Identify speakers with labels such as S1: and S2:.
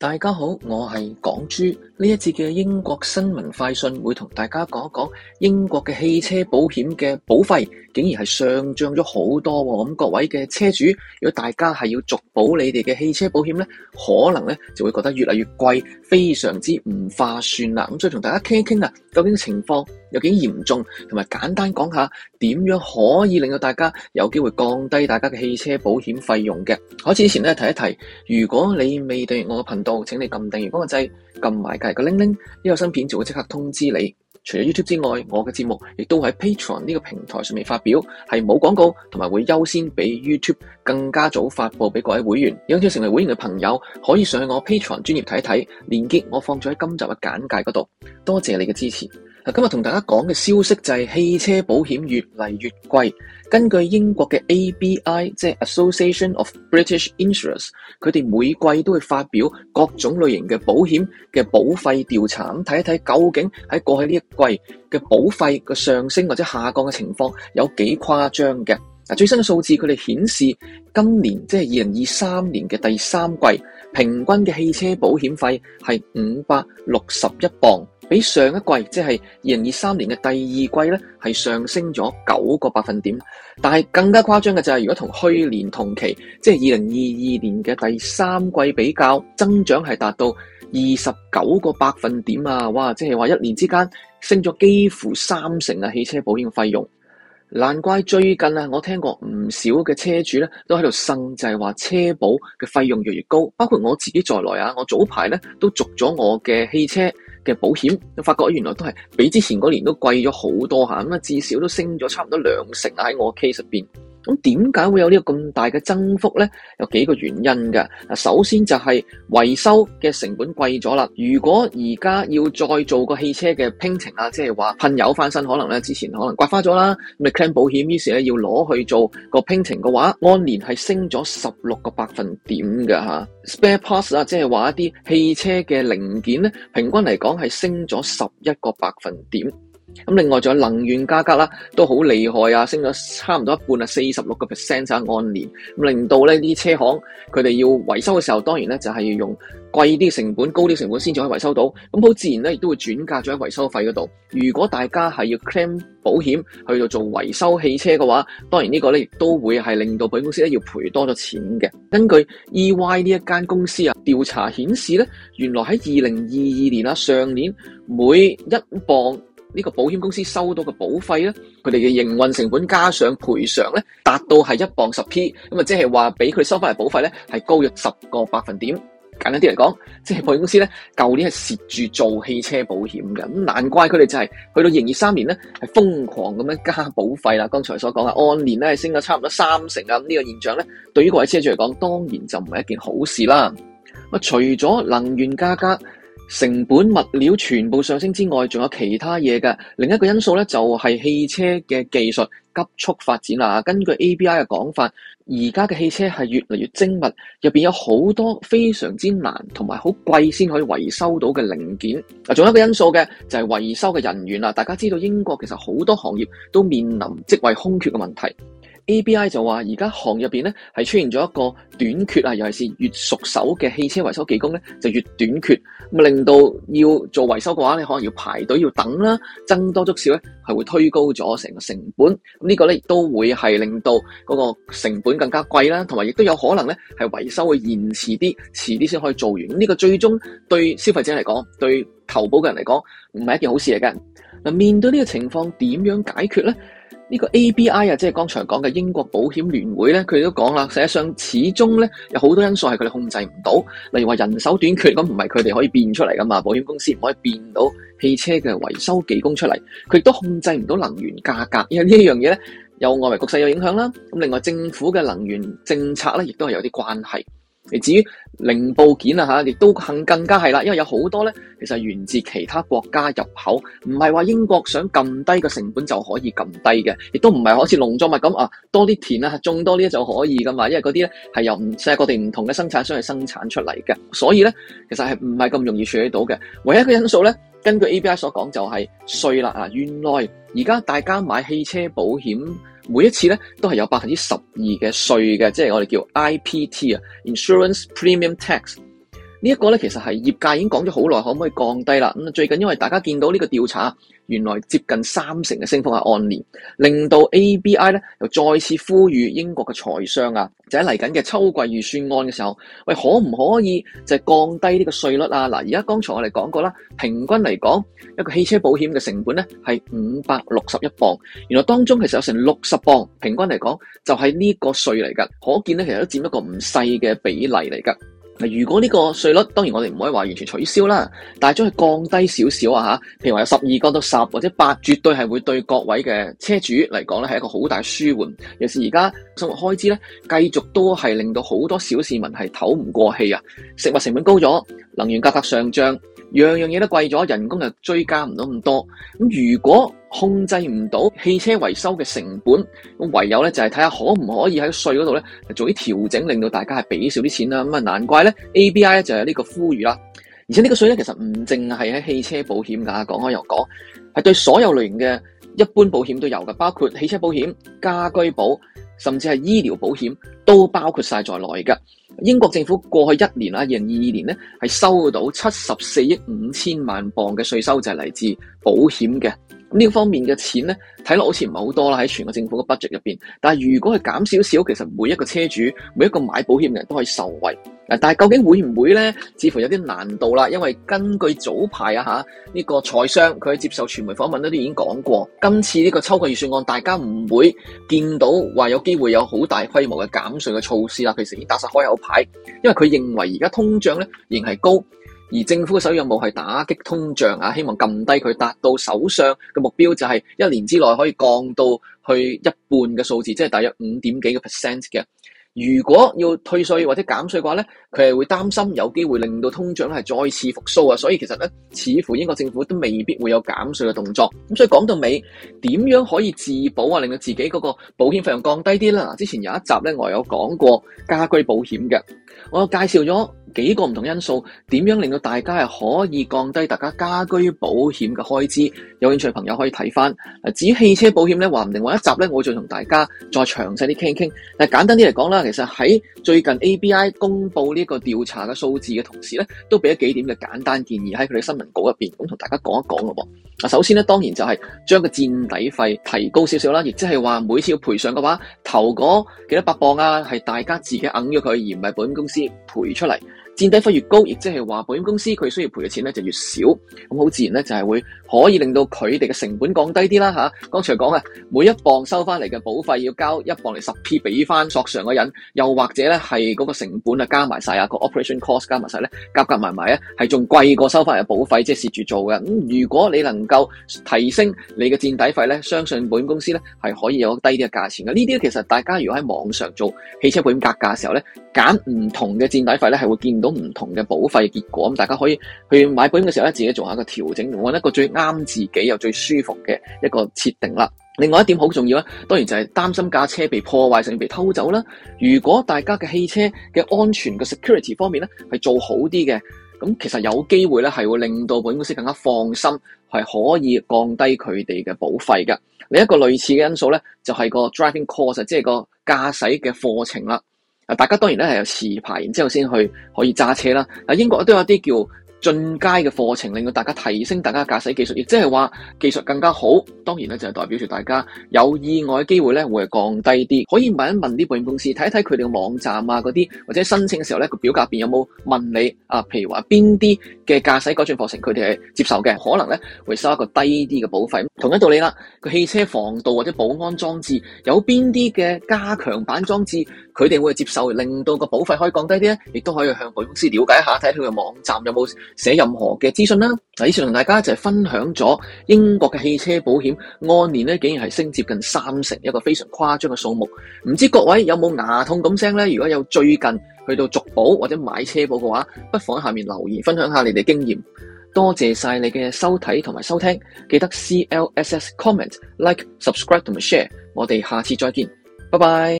S1: 大家好，我係港豬。呢一節嘅英國新聞快訊，會同大家講一講英國嘅汽車保險嘅保費竟然係上漲咗好多。咁各位嘅車主，如果大家係要續保你哋嘅汽車保險呢，可能呢就會覺得越嚟越貴，非常之唔划算啦。咁再同大家傾一傾啊，究竟情況有幾嚴重，同埋簡單講下點樣可以令到大家有機會降低大家嘅汽車保險費用嘅。開始之前咧，提一提，如果你未訂閱我嘅頻道，請你撳訂閱嗰個掣，撳埋隔離個鈴鈴，呢個新片就會即刻通知你。除咗 YouTube 之外，我嘅節目亦都喺 Patreon 呢個平台上面發表，係冇廣告，同埋會優先比 YouTube 更加早發布俾各位會員。有想成為會員嘅朋友，可以上去我 Patreon 專頁睇一睇，連結我放咗喺今集嘅簡介嗰度。多謝你嘅支持。今日同大家講嘅消息就係汽車保險越嚟越貴。根據英國嘅 ABI，即係 Association of British Insurers，佢哋每季都會發表各種類型嘅保險嘅保費調查，咁睇一睇究竟喺過去呢一季嘅保費嘅上升或者下降嘅情況有幾誇張嘅。嗱，最新嘅數字佢哋顯示，今年即係二零二三年嘅第三季，平均嘅汽車保險費係五百六十一磅。比上一季，即係二零二三年嘅第二季咧，係上升咗九個百分點。但係更加誇張嘅就係、是，如果同去年同期，即係二零二二年嘅第三季比較，增長係達到二十九個百分點啊！哇，即係話一年之間升咗幾乎三成啊。汽車保險費用，難怪最近啊，我聽過唔少嘅車主咧都喺度生，就係話車保嘅費用越嚟越高。包括我自己在內啊，我早排咧都續咗我嘅汽車嘅保險，就發覺原來都係比之前嗰年都貴咗好多吓，咁啊至少都升咗差唔多兩成喺我 case 入邊。咁點解會有呢個咁大嘅增幅咧？有幾個原因㗎。嗱，首先就係維修嘅成本貴咗啦。如果而家要再做個汽車嘅拼程啊，即係話噴油翻新，可能咧之前可能刮花咗啦，咁咪 claim 保險，於是咧要攞去做個拼程嘅話，按年係升咗十六個百分點㗎。吓，spare parts 啊，即係話一啲汽車嘅零件咧，平均嚟講係升咗十一個百分點。咁另外仲有能源價格啦，都好厲害啊，升咗差唔多一半啊，四十六個 percent 就按年咁令到呢啲車行佢哋要維修嘅時候，當然咧就係要用貴啲成本、高啲成本先至可以維修到。咁好自然咧，亦都會轉嫁咗喺維修費嗰度。如果大家係要 claim 保險去到做維修汽車嘅話，當然呢個咧亦都會係令到保險公司咧要賠多咗錢嘅。根據 EY 呢一間公司啊調查顯示咧，原來喺二零二二年啊上年每一磅。呢個保險公司收到嘅保費咧，佢哋嘅營運成本加上賠償咧，達到係一磅十 p，咁啊，即係話俾佢收翻嚟保費咧，係高咗十個百分點。簡單啲嚟講，即係保險公司咧，舊年係蝕住做汽車保險嘅，咁難怪佢哋就係去到營業三年咧，係瘋狂咁樣加保費啦。剛才所講嘅按年咧，係升咗差唔多三成啊，咁呢個現象咧，對於各位車主嚟講，當然就唔係一件好事啦。咁除咗能源價格，成本物料全部上升之外，仲有其他嘢嘅。另一個因素咧，就係汽車嘅技術急速發展啦。根據 ABI 嘅講法，而家嘅汽車係越嚟越精密，入邊有好多非常之難同埋好貴先可以維修到嘅零件。嗱，仲有一個因素嘅就係、是、維修嘅人員啦。大家知道英國其實好多行業都面臨職位空缺嘅問題。ABI 就話而家行入邊咧係出現咗一個短缺啊，尤其是越熟手嘅汽車維修技工咧就越短缺，咁令到要做維修嘅話咧可能要排隊要等啦，僧多粥少咧係會推高咗成個成本，咁、這個、呢個咧都會係令到嗰個成本更加貴啦，同埋亦都有可能咧係維修會延遲啲，遲啲先可以做完，呢、這個最終對消費者嚟講，對投保嘅人嚟講唔係一件好事嚟嘅。嗱，面對呢個情況，點樣解決咧？呢個 ABI 啊，即係剛才講嘅英國保險聯會呢，佢都講啦。實際上，始終呢，有好多因素係佢哋控制唔到，例如話人手短缺咁，唔係佢哋可以變出嚟㗎嘛，保險公司唔可以變到汽車嘅維修技工出嚟，佢亦都控制唔到能源價格，因為這呢一樣嘢呢，有外圍局勢有影響啦，另外政府嘅能源政策呢，也亦都係有啲關係。至於零部件啊吓亦都更更加係啦，因為有好多咧，其實源自其他國家入口，唔係話英國想撳低個成本就可以撳低嘅，亦都唔係好似農作物咁啊，多啲田啊種多啲就可以噶嘛，因為嗰啲咧係由唔世界各地唔同嘅生產商去生產出嚟嘅，所以咧其實係唔係咁容易處理到嘅。唯一嘅因素咧，根據 ABI 所講就係稅啦啊，原來而家大家買汽車保險。每一次咧都係有百分之十二嘅稅嘅，即係我哋叫 IPT 啊，insurance premium tax，呢一個咧其實係業界已經講咗好耐，可唔可以降低啦？咁，嗯，最近因為大家見到呢個調查。原來接近三成嘅升幅係按年，令到 ABI 咧又再次呼籲英國嘅財相啊，就喺嚟緊嘅秋季預算案嘅時候，喂，可唔可以就係降低呢個稅率啊？嗱，而家剛才我哋講過啦，平均嚟講一個汽車保險嘅成本咧係五百六十一磅，原來當中其實有成六十磅平均嚟講就係呢個稅嚟㗎，可見咧其實都佔一個唔細嘅比例嚟㗎。如果呢個稅率當然我哋唔可以話完全取消啦，但係將佢降低少少啊嚇，譬如話有十二降到十或者八，絕對係會對各位嘅車主嚟講咧係一個好大舒緩。尤其是而家生活開支咧，繼續都係令到好多小市民係唞唔過氣啊！食物成本高咗，能源價格上漲，樣樣嘢都貴咗，人工又追加唔到咁多。咁如果控制唔到汽車維修嘅成本，唯有咧就係睇下可唔可以喺稅嗰度咧做啲調整，令到大家係俾少啲錢啦。咁啊，難怪咧，A B I 咧就有呢個呼籲啦。而且呢個稅咧其實唔淨係喺汽車保險㗎，講開又講係對所有類型嘅一般保險都有嘅，包括汽車保險、家居保，甚至係醫療保險都包括晒在內㗎。英國政府過去一年啊，二零二二年咧係收到七十四億五千萬鎊嘅稅收，就係、是、嚟自保險嘅。呢方面嘅錢呢，睇落好似唔係好多啦，喺全個政府嘅 budget 入面，但如果係減少少，其實每一個車主、每一個買保險嘅人都可以受惠。但係究竟會唔會呢？似乎有啲難度啦。因為根據早排啊呢個財商，佢喺接受傳媒訪問都已經講過，今次呢個秋季預算案，大家唔會見到話有機會有好大規模嘅減稅嘅措施啦。其實已打晒開口牌，因為佢認為而家通脹呢，仍係高。而政府嘅首要任務係打擊通脹啊，希望撳低佢，達到手上首相嘅目標就係一年之內可以降到去一半嘅數字，即係大約五點幾個 percent 嘅。如果要退稅或者減稅嘅話咧，佢係會擔心有機會令到通脹咧係再次復甦啊。所以其實咧，似乎英國政府都未必會有減稅嘅動作。咁所以講到尾，點樣可以自保啊？令到自己嗰個保險費用降低啲啦。之前有一集咧，我有講過家居保險嘅，我有介紹咗。幾個唔同因素，點樣令到大家係可以降低大家家居保險嘅開支？有興趣嘅朋友可以睇返。至於汽車保險咧，話唔定下一集咧，我再同大家再詳細啲傾一傾。但簡單啲嚟講啦，其實喺最近 ABI 公布呢個調查嘅數字嘅同時咧，都俾咗幾點嘅簡單建議喺佢哋新聞稿入邊，咁同大家講一講咯。嗱，首先咧，當然就係將個墊底費提高少少啦，亦即係話每次要賠償嘅話，頭嗰幾多百磅啊，係大家自己揞咗佢，而唔係保險公司賠出嚟。墊底費越高，亦即係話保險公司佢需要賠嘅錢咧就越少，咁好自然咧就係會可以令到佢哋嘅成本降低啲啦嚇。剛、啊、才講啊，每一磅收翻嚟嘅保費要交一磅嚟十 P 俾翻索償嘅人，又或者咧係嗰個成本啊加埋晒啊個 operation cost 加埋晒咧，夾夾埋埋咧係仲貴過收翻嚟嘅保費，即係蝕住做嘅。咁如果你能夠提升你嘅墊底費咧，相信保險公司咧係可以有低啲嘅價錢嘅。呢啲其實大家如果喺網上做汽車保險格價嘅時候咧，揀唔同嘅墊底費咧係會見到唔同嘅保費結果，咁大家可以去買保險嘅時候咧，自己做下個調整，搵一個最啱自己又最舒服嘅一個設定啦。另外一點好重要咧，當然就係擔心架車被破壞甚至被偷走啦。如果大家嘅汽車嘅安全嘅 security 方面咧係做好啲嘅，咁其實有機會咧係會令到保險公司更加放心，係可以降低佢哋嘅保費嘅。另一個類似嘅因素咧，就係個 driving course，即係個駕駛嘅課程啦。啊！大家當然咧係有持牌，然之後先去可以揸車啦。啊，英國都有啲叫進階嘅課程，令到大家提升大家嘅駕駛技術，亦即係話技術更加好，當然咧就係代表住大家有意外嘅機會咧會降低啲。可以問一問啲保險公司，睇一睇佢哋嘅網站啊嗰啲，或者申請嘅時候咧個表格入邊有冇問你啊？譬如話邊啲嘅駕駛嗰種課程，佢哋係接受嘅，可能咧會收一個低啲嘅保費。同一道理啦，個汽車防盜或者保安裝置有邊啲嘅加強版裝置，佢哋會接受，令到個保費可以降低啲咧，亦都可以向保險公司了解一下，睇佢嘅網站有冇，寫任何嘅資訊啦，以上同大家一齊分享咗英國嘅汽車保險按年咧，竟然係升接近三成，一個非常誇張嘅數目。唔知各位有冇牙痛咁聲咧？如果有最近去到續保或者買車保嘅話，不妨喺下面留言分享下你哋經驗。多謝晒你嘅收睇同埋收聽，記得 C L S S comment like subscribe 同埋 share，我哋下次再見，拜拜。